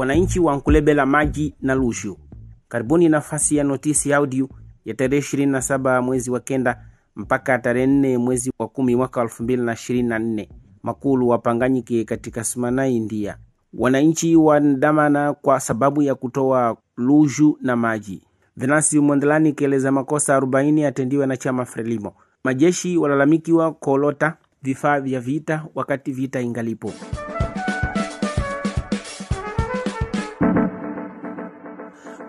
wananchi wa la Maji na Lushu. Karibuni nafasi ya notisi audio ya tarehe 27 mwezi wa kenda mpaka tarehe 4 mwezi wa kumi mwaka 2024 makulu wapanganyike katika Sumana, India. Wananchi wandamana kwa sababu ya kutoa luju na maji. venasi Mondlani kieleza makosa 40 atendiwe na chama Frelimo. Majeshi walalamikiwa kolota vifaa vya vita wakati vita ingalipo.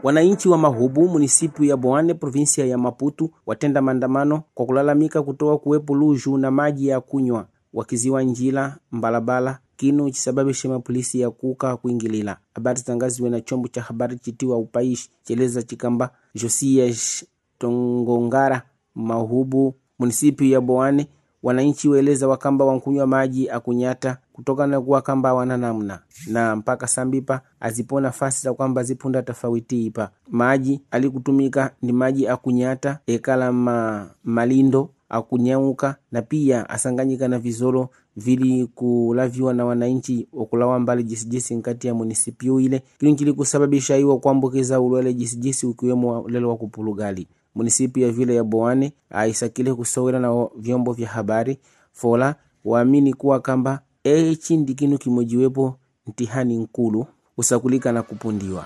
Wananchi wa Mahubu, munisipu ya Boane, provinsia ya Maputo, watenda maandamano kwa kulalamika kutoa kuwepo luju na maji ya kunywa, wakiziwa njila mbalabala kino chisababisha mapolisi ya kuka kuingilila. Habari tangaziwe na chombo cha habari chitiwa upaishi cheleza chikamba Josias Tongongara Mahubu munisipu ya Boane, wananchi weleza wakamba wankunywa maji akunyata kutokana na kuwa kamba wana namna na mpaka sambipa azipo nafasi za kwamba zipunda tofauti ipa maji alikutumika ni maji akunyata ekala ma, malindo akunyauka na pia asanganyika na vizoro vili kulaviwa na wananchi wakulawa mbali jisijisi nkati ya munisipio ile kili nkili kusababisha iwa kuambukiza ulwele jisijisi ukiwemo ulele wa kupulugali munisipi ya vile ya boane aisakile kusowela na vyombo vya habari fola waamini kuwa kamba echi ndi kinu kimojiwepo mtihani nkulu usakulika na kupundiwa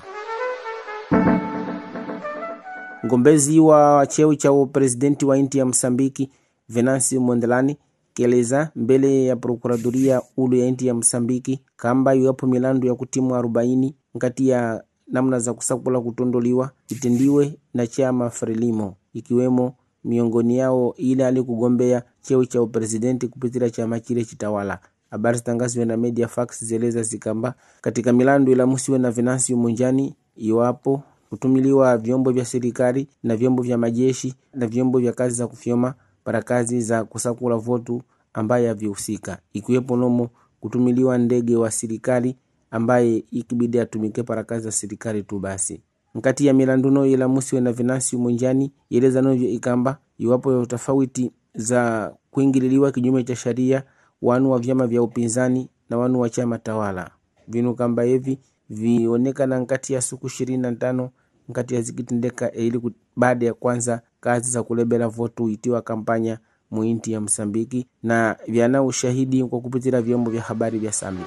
ngombezi wa cheo cha uprezidenti wa inti ya msambiki venansi mondelani keleza mbele ya prokuradoria ulu ya inti ya msambiki kamba iwapo milandu ya kutimu 40 ngati ya namna za kusakula kutondoliwa itendiwe na chama frelimo ikiwemo miongoni yao ile alikugombea cheo cha uprezidenti kupitira chama chile chitawala Habari zitangazwe na media fax zieleza zikamba katika milandu ila musiwe na vinasi umunjani iwapo kutumiliwa vyombo vya serikali na vyombo vya majeshi na vyombo vya kazi za kufyoma para kazi za kusakula votu ambaye havihusika ikiwepo nomo kutumiliwa ndege wa serikali ambaye ikibidi atumike para kazi za serikali tu basi nkati ya milandu no ila musiwe na vinasi umunjani ieleza novyo ikamba iwapo ya tofauti za kuingililiwa kinyume cha sharia wanu wa vyama vya upinzani na wanu wa chama tawala. Vinu kamba hivi vionekana nkati ya siku ishirini na tano nkati ya zikitendeka ili baada ya kwanza kazi za kulebela votu itiwa kampanya muinti ya Msambiki na vyana ushahidi kwa kupitira vyombo vya habari vya Sami.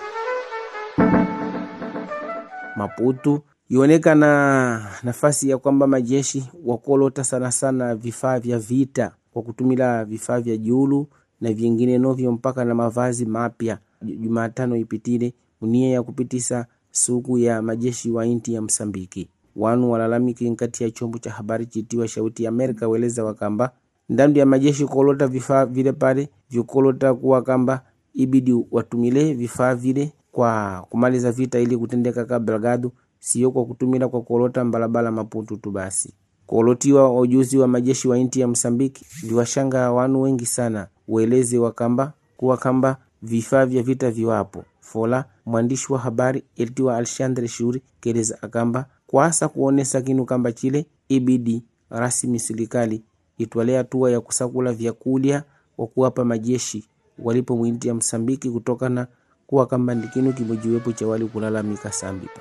Maputu ionekana nafasi ya kwamba majeshi wakolota sana sana vifaa vya vita kwa kutumila vifaa vya julu na novyo mpaka na mavazi mapya. Jumatano ipitile unia ya kupitisa suku ya majeshi wa inti ya Msambiki wanu walalamiki nkati ya chombo cha habari chitiwa Shauti ya Amerika weleza wakamba ndandu ya majeshi kolota vifaa vile pale vikolota kuwa kamba ibidi watumile vifaa vile kwa kumaliza vita ili kutendeka kabla gadu, sio kwa kutumila kwa kolota mbalabala maputu tu basi kuolotiwa ujuzi wa majeshi wa nti ya Msambiki viwashanga wanu wengi sana ueleze wakamba kuwa kamba vifaa vya vita viwapo fola mwandishi wa habari etiwa alshandre Shuri keleza akamba kwasa kuonesa kinu kamba chile ibidi e rasmi serikali itwale hatua ya kusakula vyakulya wa kuwapa majeshi walipo mwinti ya Msambiki kutokana kuwa kamba ndikinu kimojiwepo cha wali kulalamika Sambipa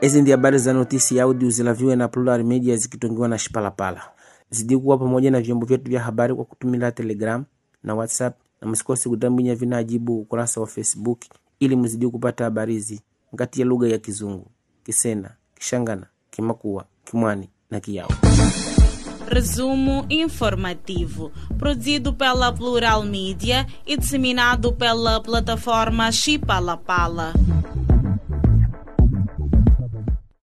Hizi ndio habari za notisi audio zilaviwe na Plural Media zikitungiwa na Shipalapala. Zidi kuwa pamoja na vyombo vyetu vya habari kwa kutumia Telegram na WhatsApp na msikose kutambwinya vinajibu ukurasa wa Facebook ili mzidi kupata habari hizi ngati ya lugha ya Kizungu, Kisena, Kishangana, kimakuwa Kimwani na Kiao. Resumo informativo, produzido pela Plural Media e disseminado pela plataforma Chipalapala.